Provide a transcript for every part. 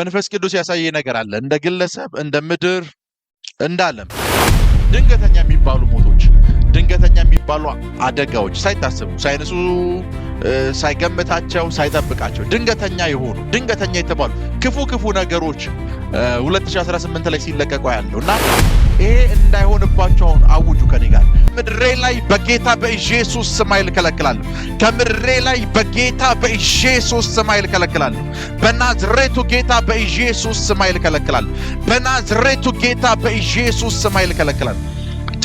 መንፈስ ቅዱስ ያሳየ ነገር አለ። እንደ ግለሰብ፣ እንደ ምድር፣ እንደ ዓለም ድንገተኛ የሚባሉ ሞቶች፣ ድንገተኛ የሚባሉ አደጋዎች ሳይታሰቡ ሳይነሱ። ሳይገምታቸው ሳይጠብቃቸው ድንገተኛ የሆኑ ድንገተኛ የተባሉ ክፉ ክፉ ነገሮች 2018 ላይ ሲለቀቁ ያለው እና ይሄ እንዳይሆንባቸው አሁን አውጁ ከኔ ጋር ከምድሬ ላይ በጌታ በኢየሱስ ስም ኃይል እከለክላለሁ። ከምድሬ ላይ በጌታ በኢየሱስ ስም ኃይል እከለክላለሁ። በናዝሬቱ ጌታ በኢየሱስ ስም ኃይል እከለክላለሁ። በናዝሬቱ ጌታ በኢየሱስ ስም ኃይል እከለክላለሁ።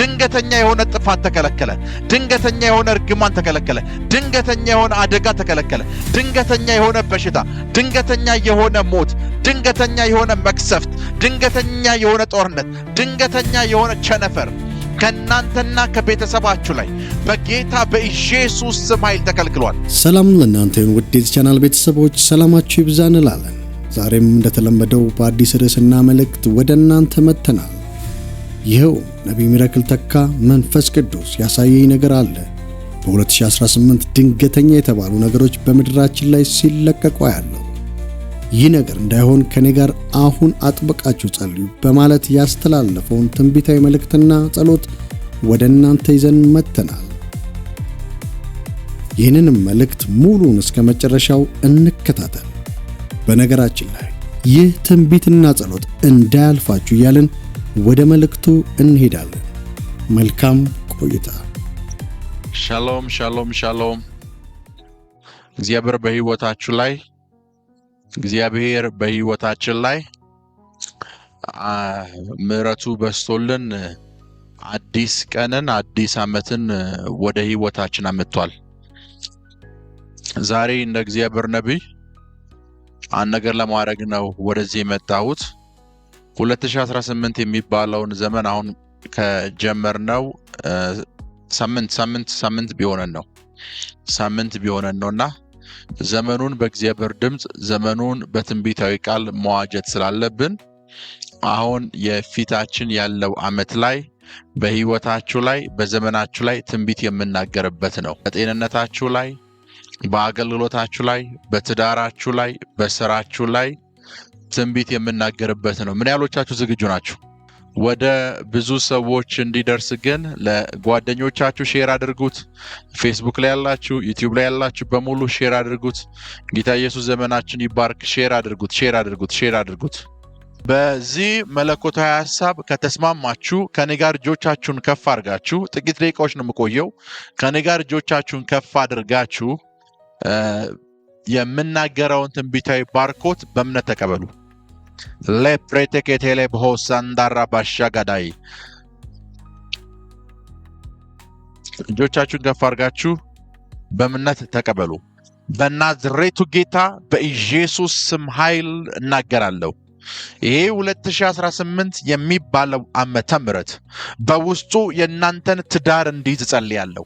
ድንገተኛ የሆነ ጥፋት ተከለከለ። ድንገተኛ የሆነ እርግማን ተከለከለ። ድንገተኛ የሆነ አደጋ ተከለከለ። ድንገተኛ የሆነ በሽታ፣ ድንገተኛ የሆነ ሞት፣ ድንገተኛ የሆነ መክሰፍት ድንገተኛ የሆነ ጦርነት፣ ድንገተኛ የሆነ ቸነፈር ከእናንተና ከቤተሰባችሁ ላይ በጌታ በኢየሱስ ስም ኃይል ተከልክሏል። ሰላም ለእናንተ ይሁን ውድ ቻናል ቤተሰቦች፣ ሰላማችሁ ይብዛ እንላለን። ዛሬም እንደተለመደው በአዲስ ርዕስና መልእክት ወደ እናንተ መጥተናል። ይኸው ነቢይ ሚራክል ተካ መንፈስ ቅዱስ ያሳየኝ ነገር አለ። በ2018 ድንገተኛ የተባሉ ነገሮች በምድራችን ላይ ሲለቀቁ ያለው ይህ ነገር እንዳይሆን ከኔ ጋር አሁን አጥብቃችሁ ጸልዩ በማለት ያስተላለፈውን ትንቢታዊ መልእክትና ጸሎት ወደ እናንተ ይዘን መጥተናል። ይህንንም መልእክት ሙሉን እስከ መጨረሻው እንከታተል። በነገራችን ላይ ይህ ትንቢትና ጸሎት እንዳያልፋችሁ እያልን ወደ መልእክቱ እንሄዳለን። መልካም ቆይታ። ሻሎም ሻሎም ሻሎም። እግዚአብሔር በህይወታችሁ ላይ እግዚአብሔር በህይወታችን ላይ ምሕረቱ በስቶልን አዲስ ቀንን አዲስ ዓመትን ወደ ህይወታችን አምጥቷል። ዛሬ እንደ እግዚአብሔር ነቢይ አንድ ነገር ለማድረግ ነው ወደዚህ የመጣሁት። 2018 የሚባለውን ዘመን አሁን ከጀመርነው ሳምንት ሳምንት ሳምንት ቢሆነን ነው ሳምንት ቢሆነን ነው እና ዘመኑን በእግዚአብሔር ድምፅ ዘመኑን በትንቢታዊ ቃል መዋጀት ስላለብን አሁን የፊታችን ያለው አመት ላይ በህይወታችሁ ላይ በዘመናችሁ ላይ ትንቢት የምናገርበት ነው። በጤንነታችሁ ላይ፣ በአገልግሎታችሁ ላይ፣ በትዳራችሁ ላይ፣ በስራችሁ ላይ ትንቢት የምናገርበት ነው። ምን ያህሎቻችሁ ዝግጁ ናችሁ? ወደ ብዙ ሰዎች እንዲደርስ ግን ለጓደኞቻችሁ ሼር አድርጉት። ፌስቡክ ላይ ያላችሁ፣ ዩቲዩብ ላይ ያላችሁ በሙሉ ሼር አድርጉት። ጌታ ኢየሱስ ዘመናችን ይባርክ። ሼር አድርጉት፣ ሼር አድርጉት፣ ሼር አድርጉት። በዚህ መለኮታዊ ሀሳብ ከተስማማችሁ ከኔ ጋር እጆቻችሁን ከፍ አድርጋችሁ፣ ጥቂት ደቂቃዎች ነው የምቆየው። ከኔ ጋር እጆቻችሁን ከፍ አድርጋችሁ የምናገረውን ትንቢታዊ ባርኮት በእምነት ተቀበሉ። ለፕሬቴኬቴሌ በሆሳንዳራ ባሻጋዳይ እጆቻችሁን ከፍ አድርጋችሁ በእምነት ተቀበሉ። በናዝሬቱ ጌታ በኢየሱስ ስም ኃይል እናገራለሁ። ይሄ 2018 የሚባለው ዓመተ ምሕረት በውስጡ የእናንተን ትዳር እንዲይዝ ጸልያለሁ።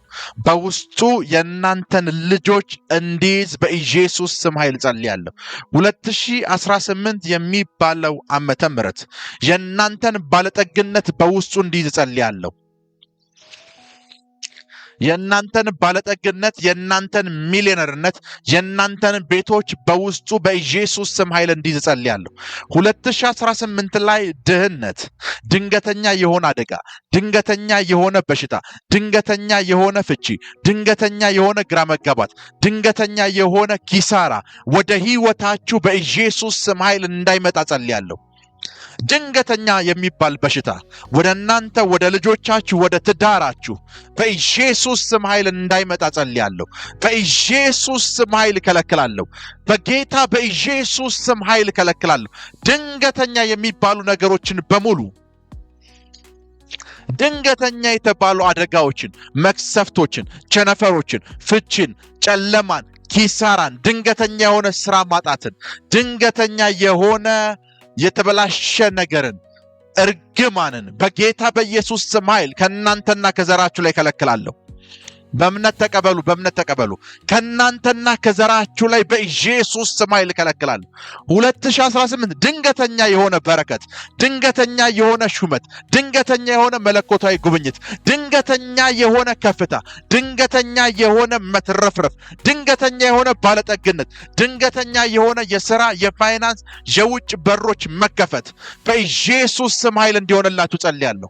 በውስጡ የእናንተን ልጆች እንዲይዝ በኢየሱስ ስም ኃይል ጸልያለሁ። 2018 የሚባለው ዓመተ ምሕረት የእናንተን ባለጠግነት በውስጡ እንዲይዝ ጸልያለሁ። የእናንተን ባለጠግነት፣ የእናንተን ሚሊዮነርነት፣ የእናንተን ቤቶች በውስጡ በኢየሱስ ስም ኃይል እንዲይዝ እጸልያለሁ። 2018 ላይ ድህነት፣ ድንገተኛ የሆነ አደጋ፣ ድንገተኛ የሆነ በሽታ፣ ድንገተኛ የሆነ ፍቺ፣ ድንገተኛ የሆነ ግራ መጋባት፣ ድንገተኛ የሆነ ኪሳራ ወደ ህይወታችሁ በኢየሱስ ስም ኃይል እንዳይመጣ ጸልያለሁ። ድንገተኛ የሚባል በሽታ ወደ እናንተ፣ ወደ ልጆቻችሁ፣ ወደ ትዳራችሁ በኢየሱስ ስም ኃይል እንዳይመጣ ጸልያለሁ። በኢየሱስ ስም ኃይል እከለክላለሁ። በጌታ በኢየሱስ ስም ኃይል እከለክላለሁ። ድንገተኛ የሚባሉ ነገሮችን በሙሉ ድንገተኛ የተባሉ አደጋዎችን፣ መክሰፍቶችን፣ ቸነፈሮችን፣ ፍቺን፣ ጨለማን፣ ኪሳራን፣ ድንገተኛ የሆነ ስራ ማጣትን፣ ድንገተኛ የሆነ የተበላሸ ነገርን እርግማንን በጌታ በኢየሱስ ስም ኃይል ከእናንተና ከዘራችሁ ላይ ከለክላለሁ። በእምነት ተቀበሉ፣ በእምነት ተቀበሉ። ከእናንተና ከዘራችሁ ላይ በኢየሱስ ስም ኃይል 2018 ድንገተኛ የሆነ በረከት፣ ድንገተኛ የሆነ ሹመት፣ ድንገተኛ የሆነ መለኮታዊ ጉብኝት፣ ድንገተኛ የሆነ ከፍታ፣ ድንገተኛ የሆነ መትረፍረፍ፣ ድንገተኛ የሆነ ባለጠግነት፣ ድንገተኛ የሆነ የስራ የፋይናንስ የውጭ በሮች መከፈት በኢየሱስ ስም ኃይል እንዲሆንላችሁ ጸልያለሁ።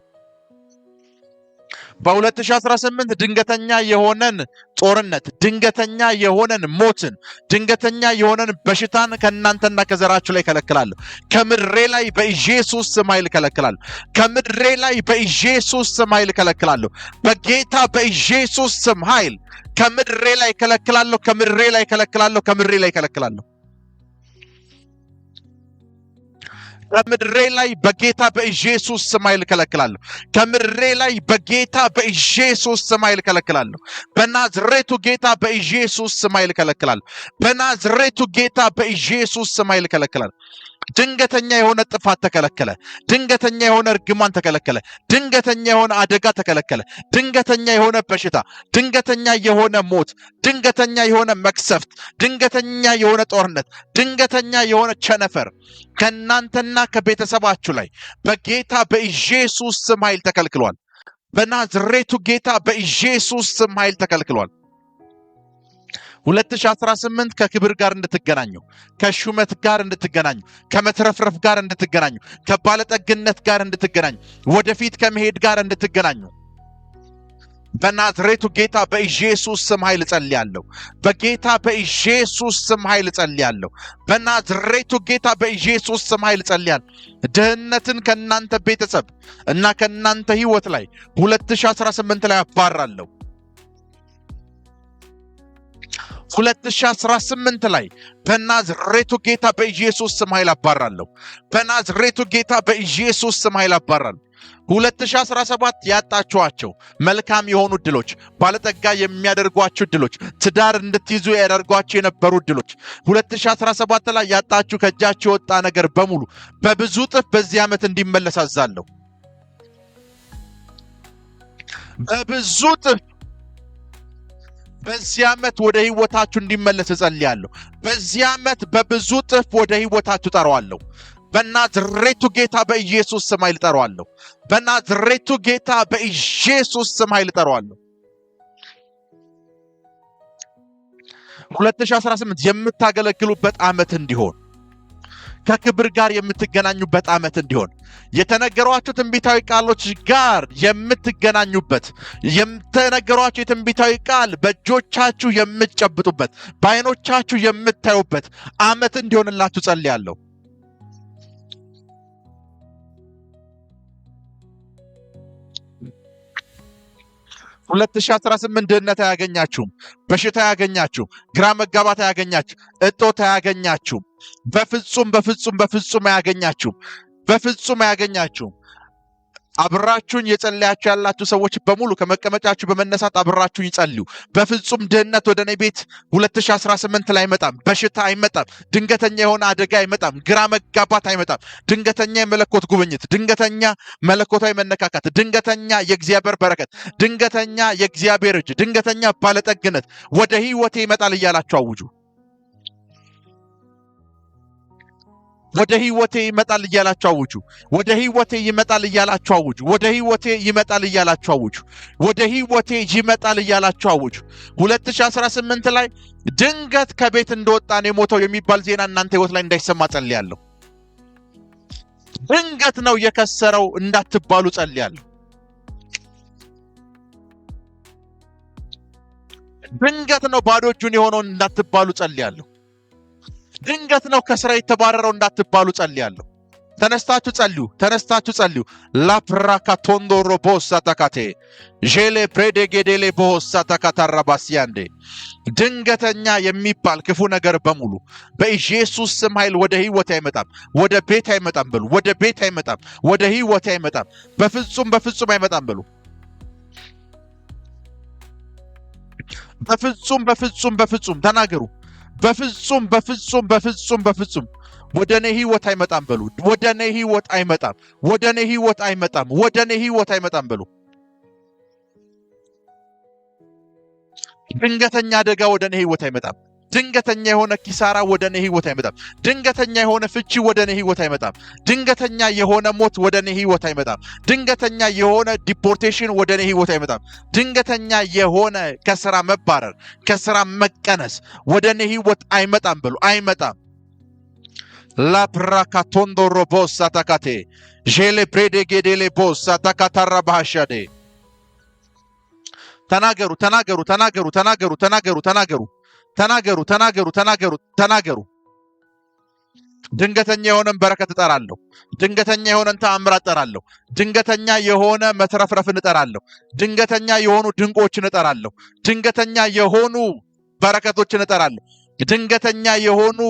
በ2018 ድንገተኛ የሆነን ጦርነት፣ ድንገተኛ የሆነን ሞትን፣ ድንገተኛ የሆነን በሽታን ከእናንተና ከዘራችሁ ላይ ከለክላለሁ። ከምድሬ ላይ በኢየሱስ ስም ኃይል ከለክላለሁ። ከምድሬ ላይ በኢየሱስ ስም ኃይል ከለክላለሁ። በጌታ በኢየሱስ ስም ኃይል ከምድሬ ላይ ከለክላለሁ። ከምድሬ ላይ ከለክላለሁ። ከምድሬ ላይ ከለክላለሁ። ከምድሬ ላይ በጌታ በኢየሱስ ስም ኃይል እከለክላለሁ። ከምድሬ ላይ በጌታ በኢየሱስ ስም ኃይል እከለክላለሁ። በናዝሬቱ ጌታ በኢየሱስ ስም ኃይል እከለክላለሁ። በናዝሬቱ ጌታ በኢየሱስ ስም ኃይል እከለክላለሁ። ድንገተኛ የሆነ ጥፋት ተከለከለ። ድንገተኛ የሆነ እርግማን ተከለከለ። ድንገተኛ የሆነ አደጋ ተከለከለ። ድንገተኛ የሆነ በሽታ፣ ድንገተኛ የሆነ ሞት፣ ድንገተኛ የሆነ መቅሰፍት፣ ድንገተኛ የሆነ ጦርነት፣ ድንገተኛ የሆነ ቸነፈር ከእናንተና ከቤተሰባችሁ ላይ በጌታ በኢየሱስ ስም ኃይል ተከልክሏል። በናዝሬቱ ጌታ በኢየሱስ ስም ኃይል ተከልክሏል። 2018 ከክብር ጋር እንድትገናኙ፣ ከሹመት ጋር እንድትገናኙ፣ ከመትረፍረፍ ጋር እንድትገናኙ፣ ከባለጠግነት ጋር እንድትገናኙ፣ ወደፊት ከመሄድ ጋር እንድትገናኙ በናዝሬቱ ጌታ በኢየሱስ ስም ኃይል እጸልያለሁ። በጌታ በኢየሱስ ስም ኃይል እጸልያለሁ። በናዝሬቱ ጌታ በኢየሱስ ስም ኃይል እጸልያለሁ። ድህነትን ከእናንተ ቤተሰብ እና ከእናንተ ሕይወት ላይ 2018 ላይ አባራለሁ። 2018 ላይ በናዝሬቱ ጌታ በኢየሱስ ስም ኃይል አባራለሁ። በናዝሬቱ ጌታ በኢየሱስ ስም ኃይል አባራለሁ። 2017 ያጣችኋቸው መልካም የሆኑ ድሎች፣ ባለጠጋ የሚያደርጓችሁ ድሎች፣ ትዳር እንድትይዙ ያደርጓችሁ የነበሩ ድሎች 2017 ላይ ያጣችሁ ከእጃችሁ የወጣ ነገር በሙሉ በብዙ እጥፍ በዚህ ዓመት እንዲመለስ አዛለሁ። በብዙ እጥፍ በዚህ ዓመት ወደ ህይወታችሁ እንዲመለስ እጸልያለሁ። በዚህ ዓመት በብዙ ጥፍ ወደ ህይወታችሁ ጠራዋለሁ። በናዝሬቱ ጌታ በኢየሱስ ስም ኃይል ጠራዋለሁ። በናዝሬቱ ጌታ በኢየሱስ ስም ኃይል ጠራዋለሁ። 2018 የምታገለግሉበት ዓመት እንዲሆን ከክብር ጋር የምትገናኙበት ዓመት እንዲሆን የተነገሯቸው ትንቢታዊ ቃሎች ጋር የምትገናኙበት የተነገሯቸው የትንቢታዊ ቃል በእጆቻችሁ የምትጨብጡበት፣ በዓይኖቻችሁ የምታዩበት ዓመት እንዲሆንላችሁ ጸልያለሁ። 2018 ድህነት አያገኛችሁም። በሽታ አያገኛችሁም። ግራ መጋባት አያገኛችሁ። እጦት አያገኛችሁም። በፍጹም በፍጹም በፍጹም አያገኛችሁም። በፍጹም አያገኛችሁም። አብራችሁን የጸለያችሁ ያላችሁ ሰዎች በሙሉ ከመቀመጫችሁ በመነሳት አብራችሁን ይጸልዩ። በፍጹም ድህነት ወደ እኔ ቤት 2018 ላይ አይመጣም። በሽታ አይመጣም። ድንገተኛ የሆነ አደጋ አይመጣም። ግራ መጋባት አይመጣም። ድንገተኛ የመለኮት ጉብኝት፣ ድንገተኛ መለኮታዊ መነካካት፣ ድንገተኛ የእግዚአብሔር በረከት፣ ድንገተኛ የእግዚአብሔር እጅ፣ ድንገተኛ ባለጠግነት ወደ ህይወቴ ይመጣል እያላችሁ አውጁ። ወደ ህይወቴ ይመጣል እያላችሁ አውጁ። ወደ ህይወቴ ይመጣል እያላችሁ አውጁ። ወደ ህይወቴ ይመጣል እያላችሁ አውጁ። ወደ ህይወቴ ይመጣል እያላችሁ አውጁ። 2018 ላይ ድንገት ከቤት እንደወጣ ነው የሞተው የሚባል ዜና እናንተ ህይወት ላይ እንዳይሰማ ጸልያለሁ። ድንገት ነው የከሰረው እንዳትባሉ ጸልያለሁ። ድንገት ነው ባዶ እጁን የሆነውን እንዳትባሉ ጸልያለሁ። ድንገት ነው ከስራ የተባረረው እንዳትባሉ ጸልያለሁ። ተነስታችሁ ጸልዩ፣ ተነስታችሁ ጸልዩ። ላፕራካ ቶንዶሮ ቦሳ ተካቴ ዤሌ ፕሬዴ ቦሳ ተካታራባስያንዴ ድንገተኛ የሚባል ክፉ ነገር በሙሉ በኢየሱስ ስም ኃይል ወደ ህይወት አይመጣም፣ ወደ ቤት አይመጣም በሉ። ወደ ቤት አይመጣም፣ ወደ ህይወት አይመጣም፣ በፍጹም በፍጹም አይመጣም በሉ። በፍጹም በፍጹም በፍጹም ተናገሩ። በፍጹም በፍጹም በፍጹም በፍጹም ወደ እኔ ህይወት አይመጣም በሉ። ወደ እኔ ህይወት አይመጣም። ወደ እኔ ህይወት አይመጣም። ወደ እኔ ህይወት አይመጣም በሉ። ድንገተኛ አደጋ ወደ እኔ ህይወት አይመጣም። ድንገተኛ የሆነ ኪሳራ ወደ እኔ ህይወት አይመጣም። ድንገተኛ የሆነ ፍቺ ወደ እኔ ህይወት አይመጣም። ድንገተኛ የሆነ ሞት ወደ እኔ ህይወት አይመጣም። ድንገተኛ የሆነ ዲፖርቴሽን ወደ እኔ ህይወት አይመጣም። ድንገተኛ የሆነ ከስራ መባረር፣ ከስራ መቀነስ ወደ እኔ ህይወት አይመጣም ብሎ አይመጣም። ላፕራካቶንዶ ሮቦሳ ዤሌ ተናገሩ ተናገሩ ተናገሩ ተናገሩ ተናገሩ ተናገሩ ተናገሩ ተናገሩ ተናገሩ ተናገሩ። ድንገተኛ የሆነን በረከት እጠራለሁ። ድንገተኛ የሆነን ተአምር እጠራለሁ። ድንገተኛ የሆነ መትረፍረፍን እጠራለሁ። ድንገተኛ የሆኑ ድንቆችን እጠራለሁ። ድንገተኛ የሆኑ በረከቶችን እጠራለሁ። ድንገተኛ የሆኑ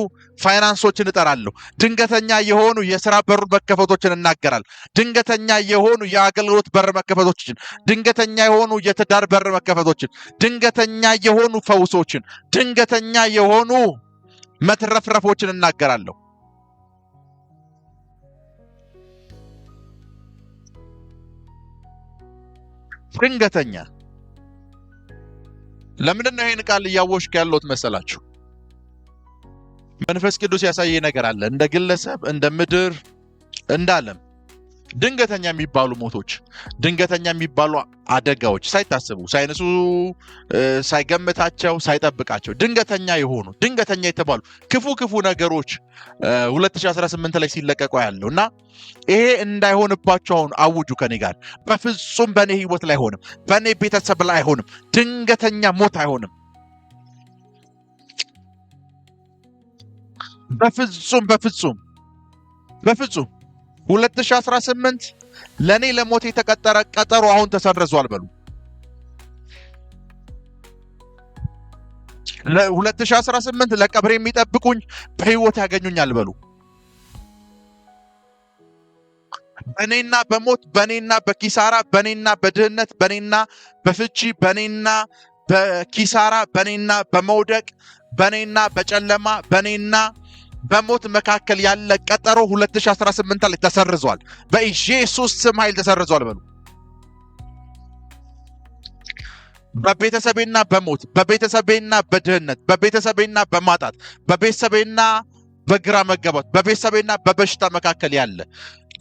ፋይናንሶችን እጠራለሁ። ድንገተኛ የሆኑ የስራ በር መከፈቶችን እናገራል ድንገተኛ የሆኑ የአገልግሎት በር መከፈቶችን፣ ድንገተኛ የሆኑ የትዳር በር መከፈቶችን፣ ድንገተኛ የሆኑ ፈውሶችን፣ ድንገተኛ የሆኑ መትረፍረፎችን እናገራለሁ። ድንገተኛ ለምንድን ነው ይህን ቃል እያወሽክ ያለሁት መሰላችሁ? መንፈስ ቅዱስ ያሳየ ነገር አለ። እንደ ግለሰብ፣ እንደ ምድር፣ እንደ ዓለም ድንገተኛ የሚባሉ ሞቶች፣ ድንገተኛ የሚባሉ አደጋዎች ሳይታሰቡ፣ ሳይንሱ ሳይገምታቸው፣ ሳይጠብቃቸው ድንገተኛ የሆኑ ድንገተኛ የተባሉ ክፉ ክፉ ነገሮች 2018 ላይ ሲለቀቁ ያለው እና ይሄ እንዳይሆንባቸው አሁን አውጁ ከኔ ጋር በፍጹም በእኔ ህይወት ላይ አይሆንም፣ በእኔ ቤተሰብ ላይ አይሆንም፣ ድንገተኛ ሞት አይሆንም በፍጹም በፍጹም በፍጹም 2018 ለእኔ ለሞት የተቀጠረ ቀጠሮ አሁን አልበሉ በሉ። 2018 ለቀብሬ የሚጠብቁኝ በህይወት ያገኙኛል በሉ። በእኔና በሞት በእኔና በኪሳራ በእኔና በድህነት በእኔና በፍቺ በእኔና በኪሳራ በእኔና በመውደቅ በእኔና በጨለማ በእኔና በሞት መካከል ያለ ቀጠሮ 2018 ላይ ተሰርዟል። በኢየሱስ ስም ኃይል ተሰርዟል በሉ። በቤተሰቤና በሞት በቤተሰቤና በድህነት በቤተሰቤና በማጣት በቤተሰቤና በግራ መገባት በቤተሰቤና በበሽታ መካከል ያለ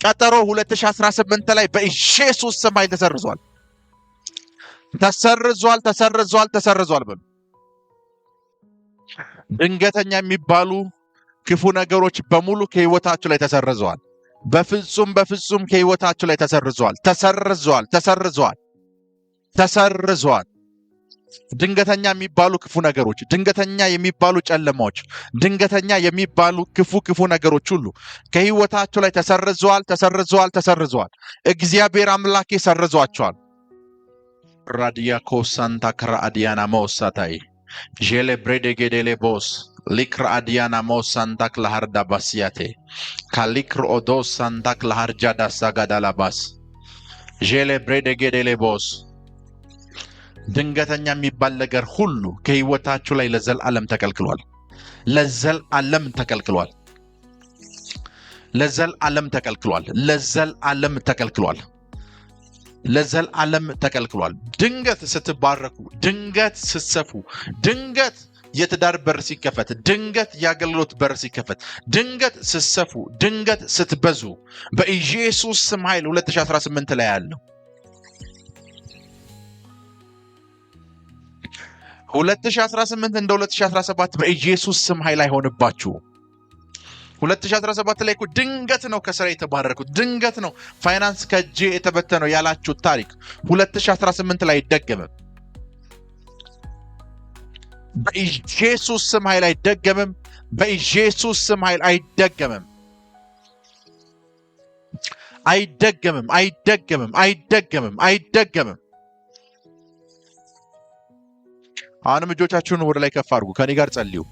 ቀጠሮ 2018 ላይ በኢየሱስ ስም ኃይል ተሰርዟል። ተሰርዟል፣ ተሰርዟል፣ ተሰርዟል በሉ። ድንገተኛ የሚባሉ ክፉ ነገሮች በሙሉ ከህይወታችሁ ላይ ተሰርዘዋል። በፍጹም በፍጹም ከህይወታችሁ ላይ ተሰርዘዋል፣ ተሰርዘዋል፣ ተሰርዘዋል፣ ተሰርዘዋል። ድንገተኛ የሚባሉ ክፉ ነገሮች፣ ድንገተኛ የሚባሉ ጨለማዎች፣ ድንገተኛ የሚባሉ ክፉ ክፉ ነገሮች ሁሉ ከህይወታችሁ ላይ ተሰርዘዋል፣ ተሰርዘዋል፣ ተሰርዘዋል። እግዚአብሔር አምላኬ ሰርዟቸዋል። ራዲያ ኮሳንታ ከራአዲያና መወሳታይ ጄሌ ብሬዴጌዴሌ ቦስ likra adiana mo santak lahar dabasiate kalikro odo santak lahar jada sagadalabas ዤሌ ብሬደ ጌዴሌ ቦስ ድንገተኛ የሚባል ነገር ሁሉ ከህይወታችሁ ላይ ለዘላለም ተከልክሏል። ለዘላለም ተከልክሏል። ለዘላለም ተከልክሏል። ለዘላለም ተከልክሏል። ለዘላለም ተከልክሏል። ድንገት ስትባረኩ፣ ድንገት ስትሰፉ፣ ድንገት የትዳር በር ሲከፈት፣ ድንገት የአገልግሎት በር ሲከፈት፣ ድንገት ስትሰፉ፣ ድንገት ስትበዙ በኢየሱስ ስም ኃይል 2018 ላይ ያለው 2018 እንደ 2017 በኢየሱስ ስም ኃይል አይሆንባችሁ። 2017 ላይ እኮ ድንገት ነው ከስራ የተባረርኩት፣ ድንገት ነው ፋይናንስ ከእጄ የተበተነው ያላችሁት ታሪክ 2018 ላይ አይደገምም። በኢየሱስ ስም ኃይል አይደገምም። በኢየሱስ ስም ኃይል አይደገምም፣ አይደገምም፣ አይደገምም፣ አይደገምም፣ አይደገምም። አሁንም እጆቻችሁን ወደ ላይ ከፍ አድርጉ። ከኔ ጋር ጸልዩ፣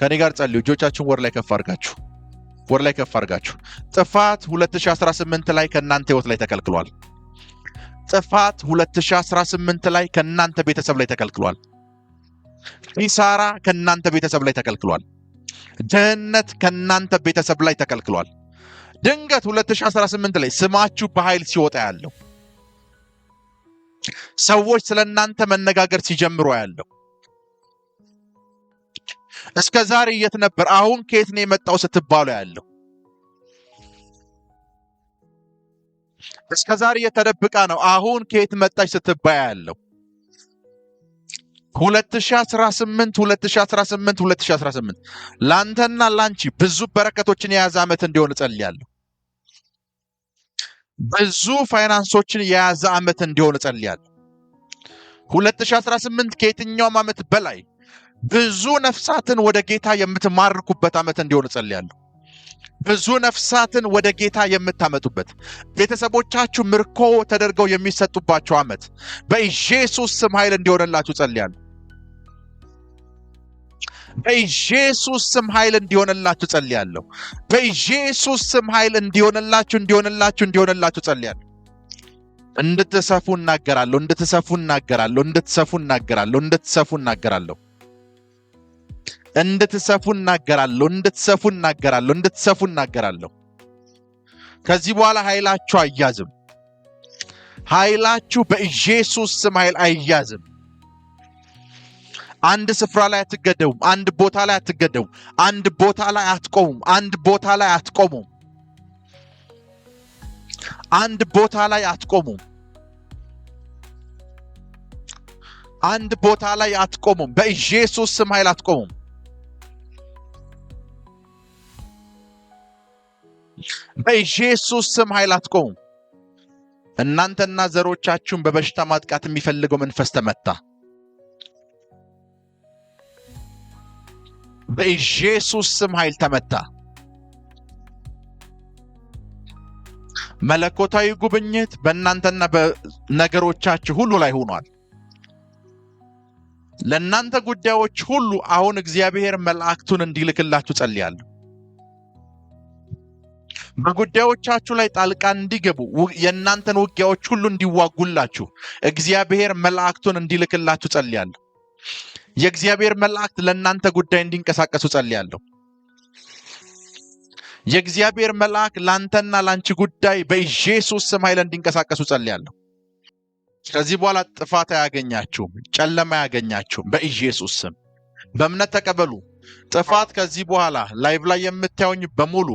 ከኔ ጋር ጸልዩ። እጆቻችሁን ወደ ላይ ከፍ አድርጋችሁ ወደ ላይ ከፍ አድርጋችሁ። ጥፋት 2018 ላይ ከእናንተ ህይወት ላይ ተከልክሏል። ጥፋት 2018 ላይ ከእናንተ ቤተሰብ ላይ ተከልክሏል። ኪሳራ ከእናንተ ቤተሰብ ላይ ተከልክሏል። ድህነት ከእናንተ ቤተሰብ ላይ ተከልክሏል። ድንገት 2018 ላይ ስማችሁ በኃይል ሲወጣ ያለው ሰዎች ስለ እናንተ መነጋገር ሲጀምሩ ያለው እስከ ዛሬ የት ነበር፣ አሁን ከየት ነው የመጣው ስትባሉ ያለው እስከ ዛሬ የተደብቃ ነው፣ አሁን ከየት መጣች ስትባያ ያለው 2018 2018 2018 ላንተና ላንቺ ብዙ በረከቶችን የያዘ ዓመት እንዲሆን እጸልያለሁ። ብዙ ፋይናንሶችን የያዘ ዓመት እንዲሆን እጸልያለሁ። 2018 ከየትኛውም ዓመት በላይ ብዙ ነፍሳትን ወደ ጌታ የምትማርኩበት ዓመት እንዲሆን እጸልያለሁ። ብዙ ነፍሳትን ወደ ጌታ የምታመጡበት ቤተሰቦቻችሁ ምርኮ ተደርገው የሚሰጡባቸው ዓመት በኢየሱስ ስም ኃይል እንዲሆንላችሁ ጸልያለሁ። በኢየሱስ ስም ኃይል እንዲሆንላችሁ ጸልያለሁ። በኢየሱስ ስም ኃይል እንዲሆንላችሁ እንዲሆንላችሁ እንዲሆንላችሁ ጸልያለሁ። እንድትሰፉ እናገራለሁ። እንድትሰፉ እናገራለሁ። እንድትሰፉ እናገራለሁ። እንድትሰፉ እናገራለሁ። እንድትሰፉ እናገራለሁ። እንድትሰፉ እናገራለሁ። እንድትሰፉ እናገራለሁ። ከዚህ በኋላ ኃይላችሁ አይያዝም። ኃይላችሁ በኢየሱስ ስም ኃይል አይያዝም። አንድ ስፍራ ላይ አትገደቡም። አንድ ቦታ ላይ አትገደቡም። አንድ ቦታ ላይ አትቆሙም። አንድ ቦታ ላይ አትቆሙም። አንድ ቦታ ላይ አትቆሙም። አንድ ቦታ ላይ አትቆሙም። በኢየሱስ ስም ኃይል አትቆሙም። በኢየሱስ ስም ኃይል አትቆሙም። እናንተና ዘሮቻችሁን በበሽታ ማጥቃት የሚፈልገው መንፈስ ተመታ። በኢየሱስ ስም ኃይል ተመታ። መለኮታዊ ጉብኝት በእናንተና በነገሮቻችሁ ሁሉ ላይ ሆኗል። ለእናንተ ጉዳዮች ሁሉ አሁን እግዚአብሔር መላእክቱን እንዲልክላችሁ ጸልያለሁ። በጉዳዮቻችሁ ላይ ጣልቃ እንዲገቡ የእናንተን ውጊያዎች ሁሉ እንዲዋጉላችሁ እግዚአብሔር መላእክቱን እንዲልክላችሁ ጸልያለሁ። የእግዚአብሔር መላእክት ለእናንተ ጉዳይ እንዲንቀሳቀሱ ጸልያለሁ። የእግዚአብሔር መልአክ ላንተና ላንቺ ጉዳይ በኢየሱስ ስም ኃይል እንዲንቀሳቀሱ ጸልያለሁ። ከዚህ በኋላ ጥፋት አያገኛችሁም፣ ጨለማ አያገኛችሁም በኢየሱስ ስም። በእምነት ተቀበሉ። ጥፋት ከዚህ በኋላ ላይቭ ላይ የምታዩኝ በሙሉ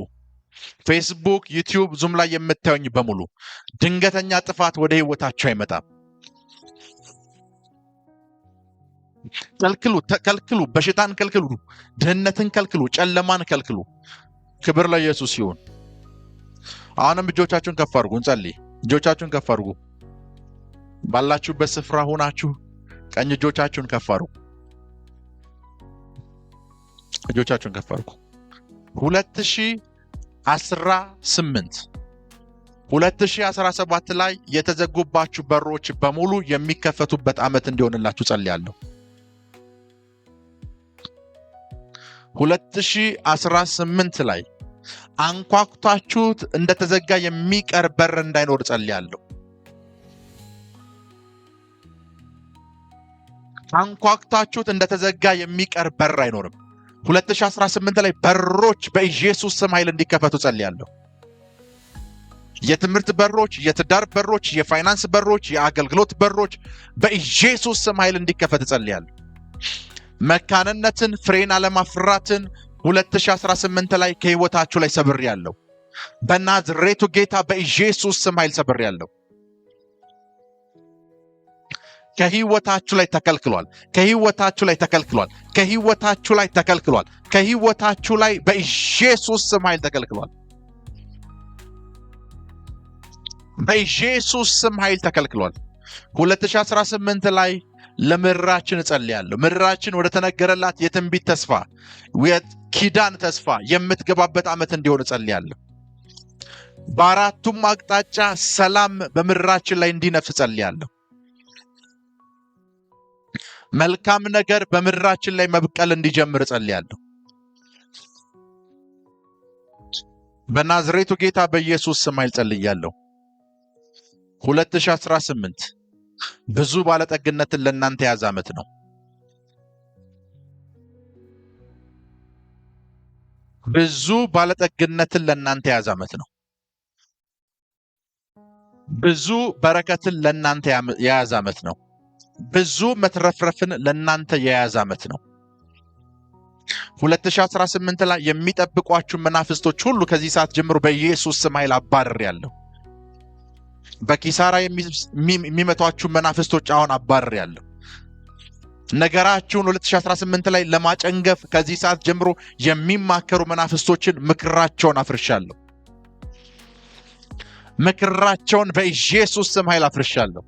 ፌስቡክ፣ ዩቲዩብ፣ ዙም ላይ የምታዩኝ በሙሉ ድንገተኛ ጥፋት ወደ ህይወታችሁ አይመጣም። ከልክሉ፣ ከልክሉ፣ በሽታን ከልክሉ፣ ድህነትን ከልክሉ፣ ጨለማን ከልክሉ። ክብር ለኢየሱስ ይሁን። አሁንም እጆቻችሁን ከፍ አድርጉ፣ እንጸልይ። እጆቻችሁን ከፍ አድርጉ። ባላችሁበት ስፍራ ሆናችሁ ቀኝ እጆቻችሁን ከፍ አድርጉ። እጆቻችሁን ከፍ አድርጉ። ሁለት ሺህ አስራ ስምንት 2017 ላይ የተዘጉባችሁ በሮች በሙሉ የሚከፈቱበት ዓመት እንዲሆንላችሁ ጸልያለሁ። 2018 ላይ አንኳኩታችሁት እንደተዘጋ የሚቀር በር እንዳይኖር ጸልያለሁ። አንኳኩታችሁት እንደተዘጋ የሚቀር በር አይኖርም። 2018 ላይ በሮች በኢየሱስ ስም ኃይል እንዲከፈቱ ጸልያለሁ። የትምህርት በሮች፣ የትዳር በሮች፣ የፋይናንስ በሮች፣ የአገልግሎት በሮች በኢየሱስ ስም ኃይል እንዲከፈት ጸልያለሁ። መካንነትን፣ ፍሬን አለማፍራትን 2018 ላይ ከህይወታችሁ ላይ ያለው በናዝሬቱ ጌታ በኢየሱስ ስም ኃይል ያለው። ከህይወታችሁ ላይ ተከልክሏል። ከህይወታችሁ ላይ ተከልክሏል። ከህይወታችሁ ላይ ተከልክሏል። ከህይወታችሁ ላይ በኢየሱስ ስም ኃይል ተከልክሏል። በኢየሱስ ስም ኃይል ተከልክሏል። 2018 ላይ ለምድራችን እጸልያለሁ። ምድራችን ወደ ተነገረላት የትንቢት ተስፋ ኪዳን ተስፋ የምትገባበት ዓመት እንዲሆን እጸልያለሁ። በአራቱም አቅጣጫ ሰላም በምድራችን ላይ እንዲነፍስ እጸልያለሁ። መልካም ነገር በምድራችን ላይ መብቀል እንዲጀምር እጸልያለሁ። በናዝሬቱ ጌታ በኢየሱስ ስም አይል ጸልያለሁ። 2018 ብዙ ባለጠግነትን ለእናንተ የያዘ ዓመት ነው። ብዙ ባለጠግነትን ለእናንተ የያዘ ዓመት ነው። ብዙ በረከትን ለእናንተ የያዘ ዓመት ነው። ብዙ መትረፍረፍን ለእናንተ የያዘ ዓመት ነው። 2018 ላይ የሚጠብቋችሁ መናፍስቶች ሁሉ ከዚህ ሰዓት ጀምሮ በኢየሱስ ስም ኃይል አባርሬያለሁ። በኪሳራ የሚመቷችሁን መናፍስቶች አሁን አባር ያለሁ ነገራችሁን 2018 ላይ ለማጨንገፍ ከዚህ ሰዓት ጀምሮ የሚማከሩ መናፍስቶችን ምክራቸውን አፍርሻለሁ። ምክራቸውን በኢየሱስ ስም ኃይል አፍርሻለሁ።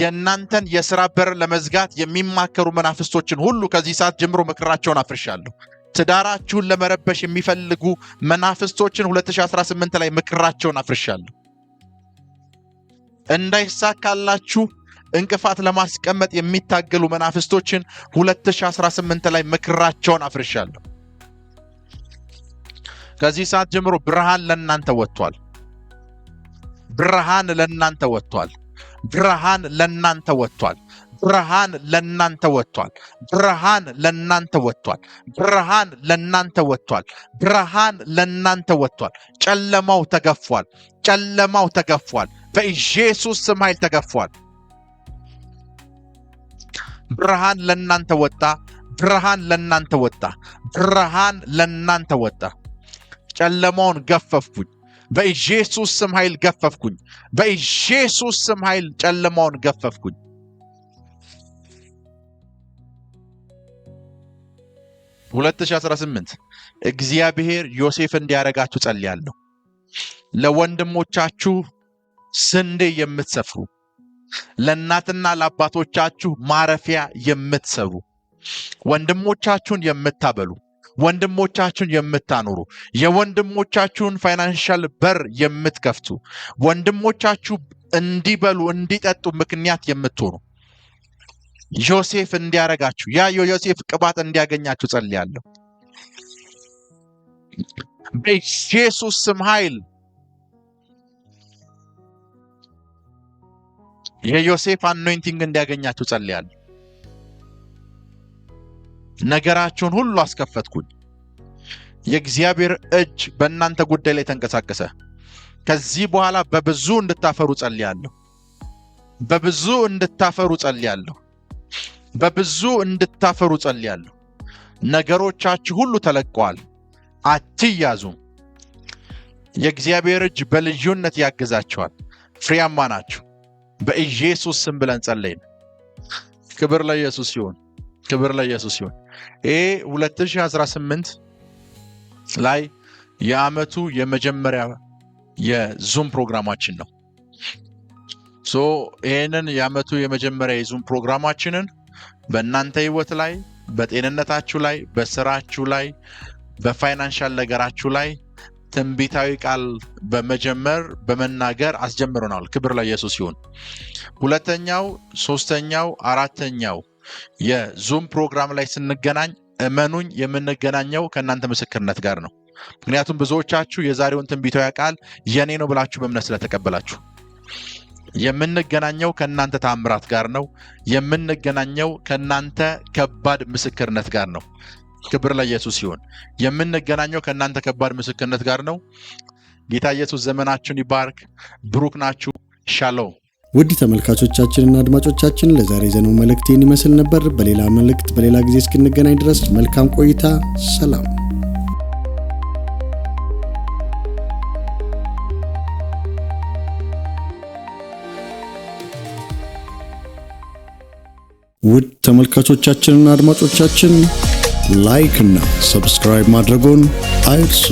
የእናንተን የስራ በር ለመዝጋት የሚማከሩ መናፍስቶችን ሁሉ ከዚህ ሰዓት ጀምሮ ምክራቸውን አፍርሻለሁ። ትዳራችሁን ለመረበሽ የሚፈልጉ መናፍስቶችን 2018 ላይ ምክራቸውን አፍርሻለሁ። እንዳይሳካላችሁ እንቅፋት ለማስቀመጥ የሚታገሉ መናፍስቶችን 2018 ላይ ምክራቸውን አፍርሻለሁ። ከዚህ ሰዓት ጀምሮ ብርሃን ለእናንተ ወጥቷል። ብርሃን ለእናንተ ወጥቷል። ብርሃን ለእናንተ ወጥቷል። ብርሃን ለእናንተ ወጥቷል። ብርሃን ለእናንተ ወጥቷል። ብርሃን ለእናንተ ወጥቷል። ብርሃን ለእናንተ ወጥቷል። ጨለማው ተገፏል። ጨለማው ተገፏል። በኢየሱስ ስም ኃይል ተገፏል። ብርሃን ለእናንተ ወጣ። ብርሃን ለእናንተ ወጣ። ብርሃን ለእናንተ ወጣ። ጨለማውን ገፈፍኩኝ። በኢየሱስ ስም ኃይል ገፈፍኩኝ። በኢየሱስ ስም ኃይል ጨለማውን ገፈፍኩኝ። 2018 እግዚአብሔር ዮሴፍ እንዲያረጋችሁ ጸልያለሁ። ለወንድሞቻችሁ ስንዴ የምትሰፍሩ፣ ለእናትና ለአባቶቻችሁ ማረፊያ የምትሰሩ፣ ወንድሞቻችሁን የምታበሉ፣ ወንድሞቻችሁን የምታኖሩ፣ የወንድሞቻችሁን ፋይናንሻል በር የምትከፍቱ፣ ወንድሞቻችሁ እንዲበሉ እንዲጠጡ ምክንያት የምትሆኑ ዮሴፍ እንዲያረጋችሁ ያ የዮሴፍ ቅባት እንዲያገኛችሁ ጸልያለሁ። በኢየሱስ ስም ኃይል የዮሴፍ አኖይንቲንግ እንዲያገኛችሁ ጸልያለሁ። ነገራችሁን ሁሉ አስከፈትኩኝ። የእግዚአብሔር እጅ በእናንተ ጉዳይ ላይ ተንቀሳቀሰ። ከዚህ በኋላ በብዙ እንድታፈሩ ጸልያለሁ። በብዙ እንድታፈሩ ጸልያለሁ። በብዙ እንድታፈሩ ጸልያለሁ። ነገሮቻችሁ ሁሉ ተለቀዋል፣ አትያዙ። የእግዚአብሔር እጅ በልዩነት ያግዛቸዋል። ፍሬያማ ናችሁ። በኢየሱስ ስም ብለን ጸለይን። ክብር ለኢየሱስ ሲሆን ክብር ለኢየሱስ ሲሆን ይህ 2018 ላይ የአመቱ የመጀመሪያ የዙም ፕሮግራማችን ነው። ይህንን የአመቱ የመጀመሪያ የዙም ፕሮግራማችንን በእናንተ ህይወት ላይ፣ በጤንነታችሁ ላይ፣ በስራችሁ ላይ፣ በፋይናንሻል ነገራችሁ ላይ ትንቢታዊ ቃል በመጀመር በመናገር አስጀምረናል። ክብር ለኢየሱስ ይሁን። ሁለተኛው፣ ሶስተኛው፣ አራተኛው የዙም ፕሮግራም ላይ ስንገናኝ እመኑኝ የምንገናኘው ከእናንተ ምስክርነት ጋር ነው። ምክንያቱም ብዙዎቻችሁ የዛሬውን ትንቢታዊ ቃል የኔ ነው ብላችሁ በእምነት ስለተቀበላችሁ የምንገናኘው ከእናንተ ታምራት ጋር ነው። የምንገናኘው ከእናንተ ከባድ ምስክርነት ጋር ነው። ክብር ለኢየሱስ ይሁን። የምንገናኘው ከእናንተ ከባድ ምስክርነት ጋር ነው። ጌታ ኢየሱስ ዘመናችሁን ይባርክ። ብሩክ ናችሁ። ሻሎም። ውድ ተመልካቾቻችንና አድማጮቻችን ለዛሬ ዘነው መልእክት ይህን ይመስል ነበር። በሌላ መልእክት በሌላ ጊዜ እስክንገናኝ ድረስ መልካም ቆይታ። ሰላም ውድ ተመልካቾቻችንና አድማጮቻችን ላይክ እና ሰብስክራይብ ማድረጎን አይርሱ።